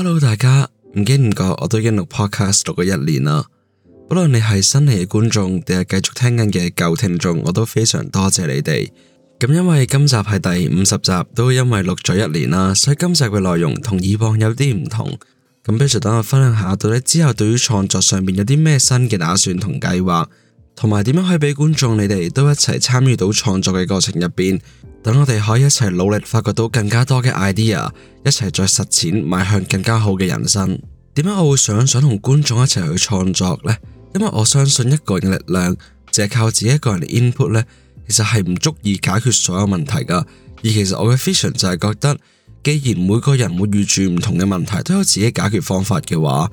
Hello，大家唔經唔覺我都已經錄 podcast 錄咗一年啦。不論你係新嚟嘅觀眾，定係繼續聽緊嘅舊聽眾，我都非常多謝你哋。咁因為今集係第五十集，都因為錄咗一年啦，所以今集嘅內容同以往有啲唔同。咁不如等我分享下，到底之後對於創作上面有啲咩新嘅打算同計劃。同埋點樣可以俾觀眾你哋都一齊參與到創作嘅過程入邊，等我哋可以一齊努力發掘到更加多嘅 idea，一齊再實踐邁向更加好嘅人生。點解我會想想同觀眾一齊去創作呢？因為我相信一個人嘅力量，淨係靠自己一個人嘅 input 呢，其實係唔足以解決所有問題噶。而其實我嘅 vision 就係覺得，既然每個人會遇住唔同嘅問題，都有自己解決方法嘅話，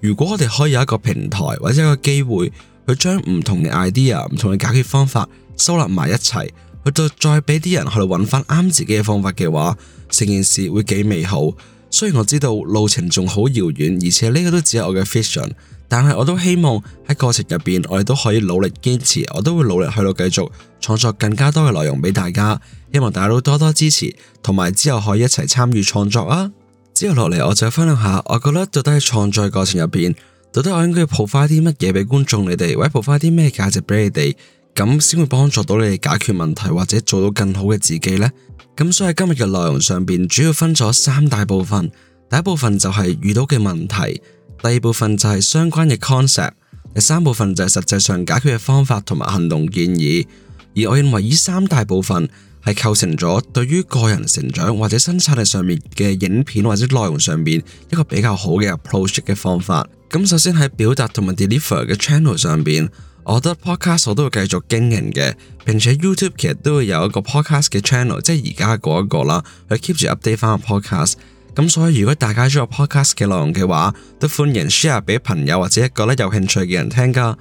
如果我哋可以有一個平台或者一個機會。佢將唔同嘅 idea、唔同嘅解決方法收納埋一齊，去到再俾啲人去到搵翻啱自己嘅方法嘅話，成件事會幾美好。雖然我知道路程仲好遙遠，而且呢個都只係我嘅 vision，但係我都希望喺過程入邊，我哋都可以努力堅持，我都會努力去到繼續創作更加多嘅內容俾大家。希望大佬多多支持，同埋之後可以一齊參與創作啊！之後落嚟我就分享下，我覺得到底喺創作過程入邊。到底我應該要 provide 啲乜嘢俾觀眾你哋，或者 provide 啲咩價值俾你哋，咁先會幫助到你哋解決問題或者做到更好嘅自己呢？咁所以今日嘅內容上邊主要分咗三大部分，第一部分就係遇到嘅問題，第二部分就係相關嘅 concept，第三部分就係實際上解決嘅方法同埋行動建議。而我認為呢三大部分。係構成咗對於個人成長或者生產力上面嘅影片或者內容上面一個比較好嘅 approach 嘅方法。咁首先喺表達同埋 deliver 嘅 channel 上面，我覺得 podcast 我都會繼續經營嘅，並且 YouTube 其實都會有一個 podcast 嘅 channel，即係而家嗰一個啦，去 keep 住 update 返個 podcast。咁所以如果大家中意 podcast 嘅內容嘅話，都歡迎 share 俾朋友或者一個咧有興趣嘅人聽噶。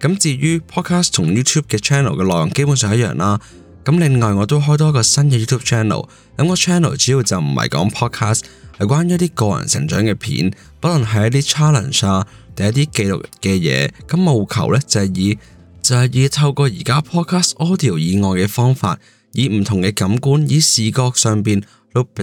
咁至於 podcast 同 YouTube 嘅 channel 嘅內容基本上一樣啦。咁另外我都開多一個新嘅 YouTube channel，咁個 channel 主要就唔係講 podcast，係關於一啲個人成長嘅片，不論係一啲 challenge 啊，定一啲記錄嘅嘢。咁務求呢就係、是、以就係、是、以透過而家 podcast audio 以外嘅方法，以唔同嘅感官，以視覺上邊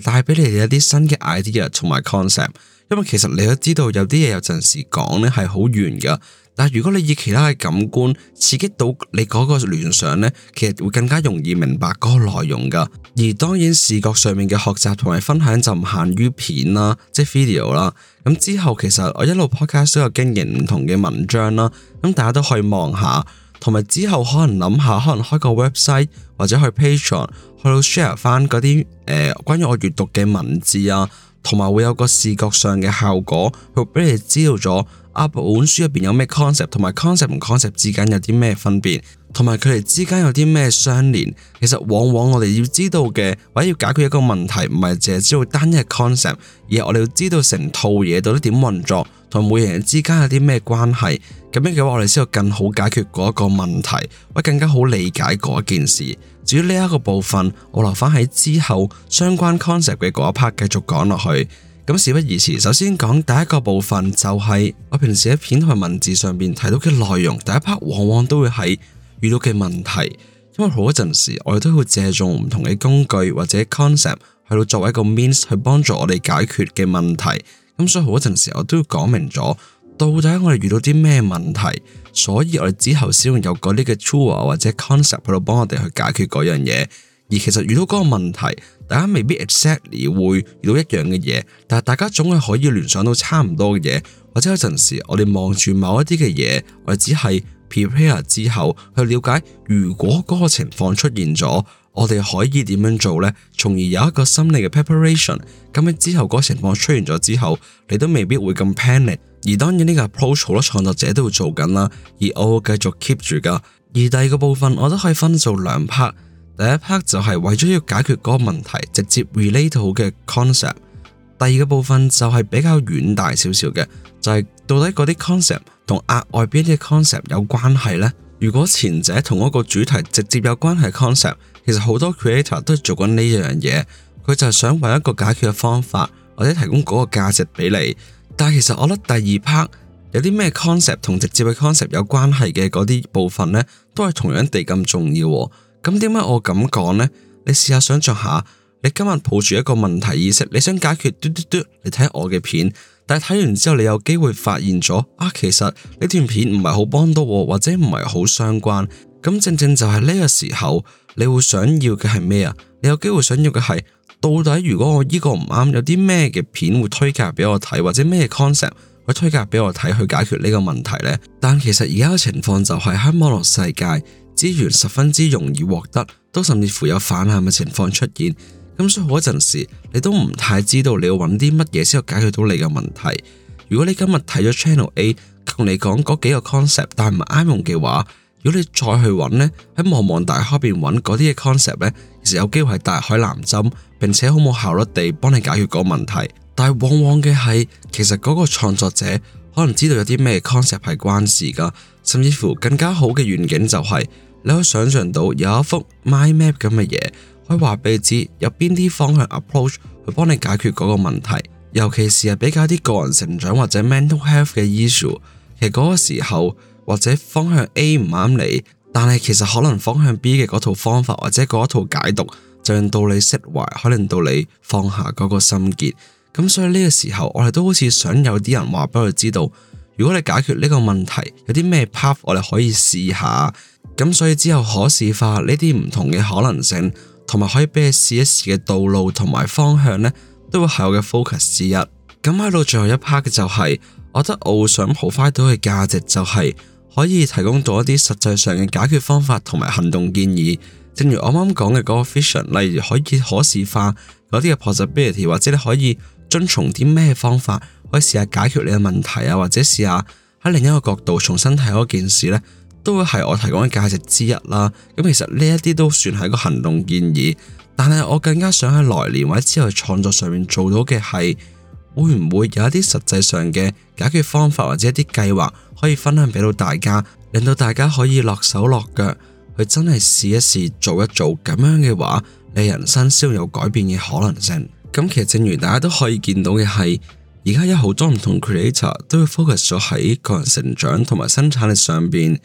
帶俾你哋一啲新嘅 idea 同埋 concept。因為其實你都知道有啲嘢有陣時講呢係好遠噶。但如果你以其他嘅感官刺激到你嗰個聯想呢，其實會更加容易明白嗰個內容噶。而當然視覺上面嘅學習同埋分享就唔限於片啦，即係 video 啦。咁之後其實我一路 podcast 都有經營唔同嘅文章啦，咁大家都可以望下，同埋之後可能諗下，可能開個 website 或者去 Patreon 去到 share 翻嗰啲誒、呃、關於我閱讀嘅文字啊。同埋會有個視覺上嘅效果，去俾你知道咗 up、啊、本書入邊有咩 concept，同埋 concept 同 concept 之間有啲咩分別，同埋佢哋之間有啲咩相連。其實往往我哋要知道嘅，或者要解決一個問題，唔係淨係知道單一 concept，而係我哋要知道成套嘢到底點運作，同每樣嘢之間有啲咩關係。咁樣嘅話，我哋先會更好解決嗰一個問題，或者更加好理解嗰件事。至於呢一個部分，我留翻喺之後相關 concept 嘅嗰 part 繼續講落去。咁事不宜遲，首先講第一個部分就係、是、我平時喺片頭文字上面睇到嘅內容。第一 part 往往都會係遇到嘅問題，因為好多陣時我哋都要借重唔同嘅工具或者 concept 去到作為一個 means 去幫助我哋解決嘅問題。咁所以好多陣時，我都要講明咗。到底我哋遇到啲咩問題，所以我哋之後先會有嗰啲嘅 tool 啊或者 concept 去到幫我哋去解決嗰樣嘢。而其實遇到嗰個問題，大家未必 exactly 會遇到一樣嘅嘢，但係大家總係可以聯想到差唔多嘅嘢。或者有陣時我哋望住某一啲嘅嘢，我哋只係 prepare 之後去了解，如果嗰個情況出現咗，我哋可以點樣做呢？從而有一個心理嘅 preparation，咁你之後嗰個情況出現咗之後，你都未必會咁 panic。而當然呢個 approach 好多創作者都會做緊啦，而我會繼續 keep 住噶。而第二個部分我都可以分做兩 part，第一 part 就係為咗要解決嗰個問題，直接 relate 好嘅 concept。第二個部分就係比較遠大少少嘅，就係、是、到底嗰啲 concept 同額外邊啲 concept 有關係呢？如果前者同嗰個主題直接有關係 concept，其實好多 creator 都係做緊呢樣嘢，佢就係想揾一個解決嘅方法，或者提供嗰個價值俾你。但其實我覺得第二 part 有啲咩 concept 同直接嘅 concept 有關係嘅嗰啲部分呢，都係同樣地咁重要。咁點解我咁講呢？你試下想象下，你今日抱住一個問題意識，你想解決，嘟嘟嘟你睇下我嘅片。但係睇完之後，你有機會發現咗啊，其實呢段片唔係好幫到我，或者唔係好相關。咁正正就係呢個時候，你會想要嘅係咩啊？你有機會想要嘅係。到底如果我依個唔啱，有啲咩嘅片會推介俾我睇，或者咩 concept 會推介俾我睇去解決呢個問題呢？但其實而家嘅情況就係喺網絡世界資源十分之容易獲得，都甚至乎有泛濫嘅情況出現。咁所以嗰陣時你都唔太知道你要揾啲乜嘢先可解決到你嘅問題。如果你今日睇咗 Channel A 同你講嗰幾個 concept，但唔啱用嘅話，如果你再去揾呢，喺茫茫大海入邊揾嗰啲嘅 concept 呢。其實有機會係大海撈針，並且好冇效率地幫你解決個問題。但係往往嘅係，其實嗰個創作者可能知道有啲咩 concept 係關事噶，甚至乎更加好嘅願景就係、是、你可以想象到有一幅 mind map 咁嘅嘢，可以話俾你知有邊啲方向 approach 去幫你解決嗰個問題。尤其是係比較啲個人成長或者 mental health 嘅 issue。其實嗰個時候或者方向 A 唔啱你。但係其實可能方向 B 嘅嗰套方法或者嗰一套解讀，就令到你釋懷，可能到你放下嗰個心結。咁所以呢個時候，我哋都好似想有啲人話俾佢知道，如果你解決呢個問題，有啲咩 part 我哋可以試下。咁所以之後可視化呢啲唔同嘅可能性，同埋可以俾你試一試嘅道路同埋方向呢，都會係我嘅 focus 之一。咁喺到最後一 part 嘅就係、是，我覺得我想提供到嘅價值就係、是。可以提供到一啲實際上嘅解決方法同埋行動建議，正如我啱啱講嘅嗰個 vision，例如可以可視化嗰啲嘅 possibility，或者你可以遵從啲咩方法可以試下解決你嘅問題啊，或者試下喺另一個角度重新睇嗰件事呢，都會係我提供嘅價值之一啦。咁其實呢一啲都算係個行動建議，但係我更加想喺來年或者之後嘅創作上面做到嘅係。會唔會有一啲實際上嘅解決方法，或者一啲計劃可以分享俾到大家，令到大家可以落手落腳去真係試一試做一做咁樣嘅話，你人生先有改變嘅可能性。咁其實正如大家都可以見到嘅係，而家有好多唔同 creator 都會 focus 咗喺個人成長同埋生產力上邊，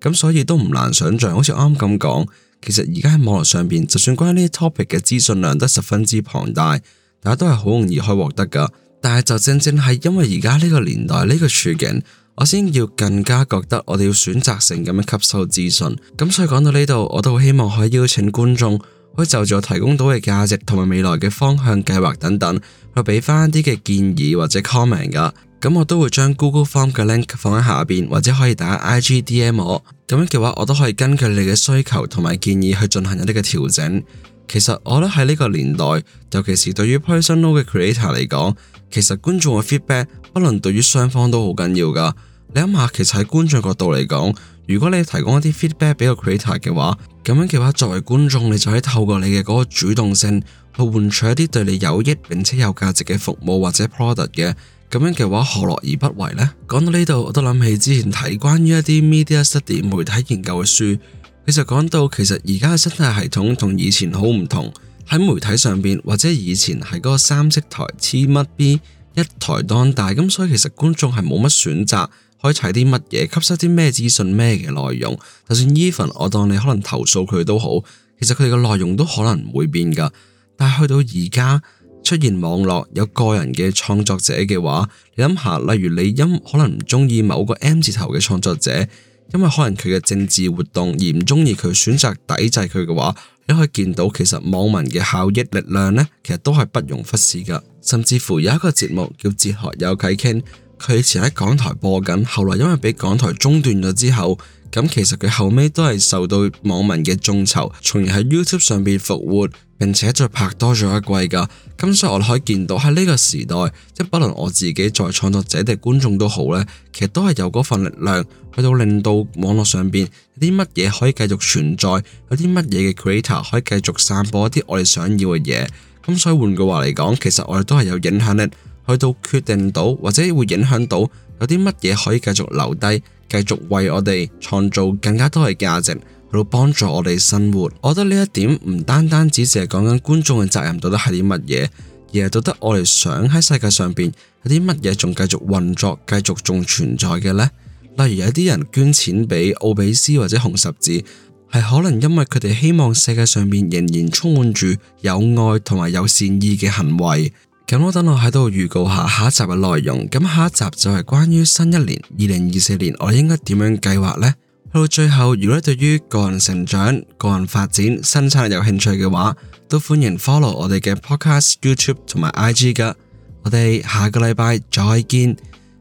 咁所以都唔難想象。好似啱啱咁講，其實而家喺網絡上邊，就算關於呢啲 topic 嘅資訊量都十分之龐大，大家都係好容易可以獲得噶。但係就正正係因為而家呢個年代呢個處境，我先要更加覺得我哋要選擇性咁樣吸收資訊。咁所以講到呢度，我都好希望可以邀請觀眾，可以就住我提供到嘅價值同埋未來嘅方向計劃等等，去俾翻一啲嘅建議或者 comment 噶。咁我都會將 Google Form 嘅 link 放喺下邊，或者可以打 IG DM 我。咁樣嘅話，我都可以根據你嘅需求同埋建議去進行一啲嘅調整。其實我覺得喺呢個年代，尤其是對於 personal 嘅 creator 嚟講，其實觀眾嘅 feedback 不論對於雙方都好緊要噶你諗下，其實喺觀眾角度嚟講，如果你提供一啲 feedback 俾個 creator 嘅話，咁樣嘅話，作為觀眾，你就可以透過你嘅嗰個主動性去換取一啲對你有益並且有價值嘅服務或者 product 嘅。咁樣嘅話何樂而不為呢？講到呢度，我都諗起之前睇關於一啲 media study 媒體研究嘅書，其實講到其實而家嘅生態系統同以前好唔同。喺媒體上邊或者以前喺嗰個三色台 T 乜 B 一台當大。咁所以其實觀眾係冇乜選擇，可以睇啲乜嘢，吸收啲咩資訊，咩嘅內容。就算 even 我當你可能投訴佢都好，其實佢哋嘅內容都可能唔會變噶。但係去到而家出現網絡有個人嘅創作者嘅話，你諗下，例如你音可能唔中意某個 M 字頭嘅創作者，因為可能佢嘅政治活動而唔中意佢，選擇抵制佢嘅話。你可以見到其實網民嘅效益力量呢，其實都係不容忽視嘅，甚至乎有一個節目叫《哲學有偈傾》，佢以前喺港台播緊，後來因為俾港台中斷咗之後，咁其實佢後尾都係受到網民嘅眾籌，從而喺 YouTube 上面復活。並且再拍多咗一季噶，咁所以我哋可以見到喺呢個時代，即不論我自己作為創作者定觀眾都好呢，其實都係有嗰份力量去到令到網絡上邊有啲乜嘢可以繼續存在，有啲乜嘢嘅 creator 可以繼續散播一啲我哋想要嘅嘢。咁所以換句話嚟講，其實我哋都係有影響力，去到決定到或者會影響到有啲乜嘢可以繼續留低，繼續為我哋創造更加多嘅價值。到幫助我哋生活，我覺得呢一點唔單單只係講緊觀眾嘅責任到底係啲乜嘢，而係到底我哋想喺世界上邊有啲乜嘢仲繼續運作、繼續仲存在嘅呢？例如有啲人捐錢俾奧比斯或者紅十字，係可能因為佢哋希望世界上面仍然充滿住有愛同埋有善意嘅行為。咁我等我喺度預告一下下一集嘅內容。咁下一集就係關於新一年二零二四年我應該點樣計劃呢？去到最後，如果你對於個人成長、個人發展、生產力有興趣嘅話，都歡迎 follow 我哋嘅 podcast、YouTube 同埋 IG 噶。我哋下個禮拜再見。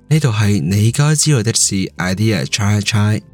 呢度係你該知道的事，idea try try。